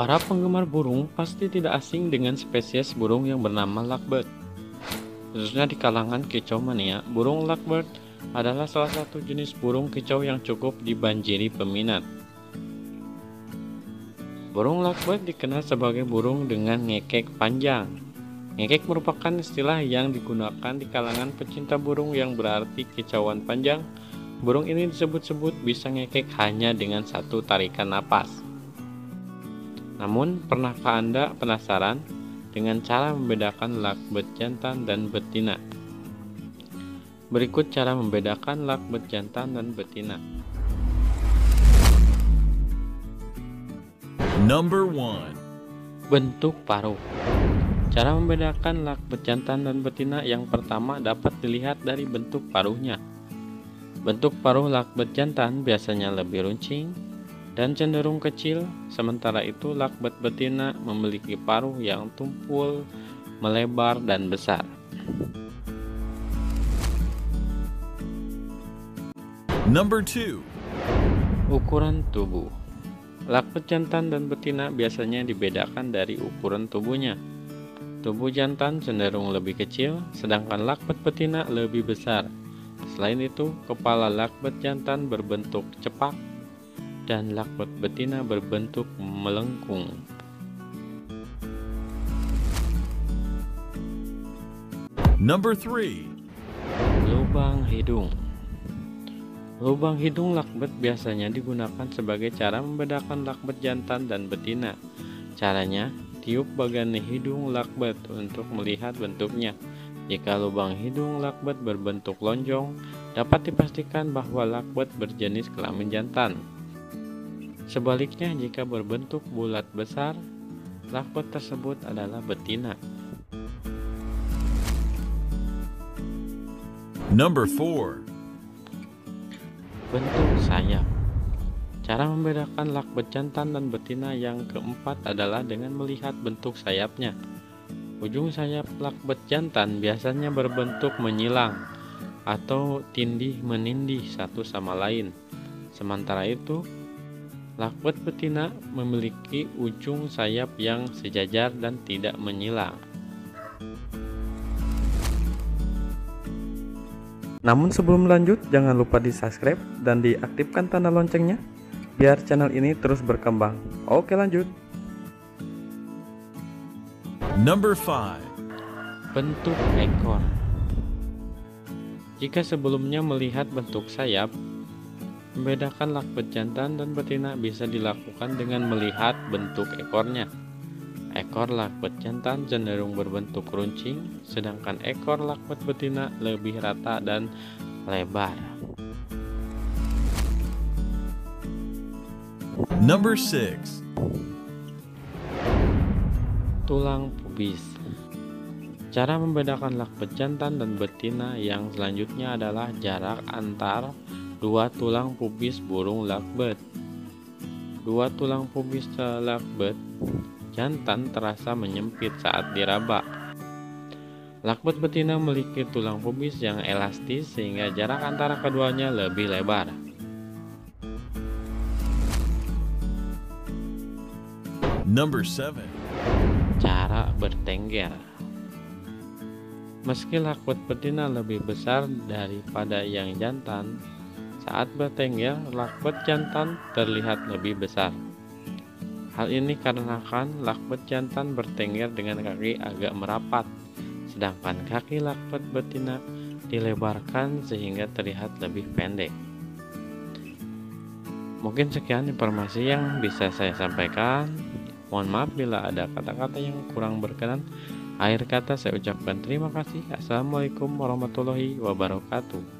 Para penggemar burung pasti tidak asing dengan spesies burung yang bernama lovebird. Khususnya di kalangan kicau mania, burung lovebird adalah salah satu jenis burung kicau yang cukup dibanjiri peminat. Burung lovebird dikenal sebagai burung dengan ngekek panjang. Ngekek merupakan istilah yang digunakan di kalangan pecinta burung yang berarti kicauan panjang. Burung ini disebut-sebut bisa ngekek hanya dengan satu tarikan napas. Namun, pernahkah Anda penasaran dengan cara membedakan lakbet jantan dan betina? Berikut cara membedakan lakbet jantan dan betina. Number one. Bentuk paruh. Cara membedakan lakbet jantan dan betina yang pertama dapat dilihat dari bentuk paruhnya. Bentuk paruh lakbet jantan biasanya lebih runcing, dan cenderung kecil, sementara itu lakbet betina memiliki paruh yang tumpul, melebar, dan besar. Number two. Ukuran tubuh Lakbet jantan dan betina biasanya dibedakan dari ukuran tubuhnya. Tubuh jantan cenderung lebih kecil, sedangkan lakbet betina lebih besar. Selain itu, kepala lakbet jantan berbentuk cepak dan lakbet betina berbentuk melengkung. Number 3. Lubang hidung. Lubang hidung lakbet biasanya digunakan sebagai cara membedakan lakbet jantan dan betina. Caranya, tiup bagian hidung lakbet untuk melihat bentuknya. Jika lubang hidung lakbet berbentuk lonjong, dapat dipastikan bahwa lakbet berjenis kelamin jantan. Sebaliknya, jika berbentuk bulat besar, lakbot tersebut adalah betina. Number 4 Bentuk sayap Cara membedakan lakbet jantan dan betina yang keempat adalah dengan melihat bentuk sayapnya. Ujung sayap lakbet jantan biasanya berbentuk menyilang atau tindih menindih satu sama lain. Sementara itu, Lakbet betina memiliki ujung sayap yang sejajar dan tidak menyilang. Namun sebelum lanjut, jangan lupa di subscribe dan diaktifkan tanda loncengnya, biar channel ini terus berkembang. Oke lanjut. Number 5 Bentuk ekor Jika sebelumnya melihat bentuk sayap, Membedakan lakbet jantan dan betina bisa dilakukan dengan melihat bentuk ekornya. Ekor lakbet jantan cenderung berbentuk runcing, sedangkan ekor lakbet betina lebih rata dan lebar. Number 6 Tulang pubis Cara membedakan lakbet jantan dan betina yang selanjutnya adalah jarak antar Dua tulang pubis burung lovebird. Dua tulang pubis lovebird jantan terasa menyempit saat diraba. Lovebird betina memiliki tulang pubis yang elastis sehingga jarak antara keduanya lebih lebar. Number seven. Cara bertengger. Meski lakbet betina lebih besar daripada yang jantan, saat bertengger, ya, lakbet jantan terlihat lebih besar. Hal ini karena kan lakbet jantan bertengger dengan kaki agak merapat, sedangkan kaki lakbet betina dilebarkan sehingga terlihat lebih pendek. Mungkin sekian informasi yang bisa saya sampaikan. Mohon maaf bila ada kata-kata yang kurang berkenan. Akhir kata saya ucapkan terima kasih. Assalamualaikum warahmatullahi wabarakatuh.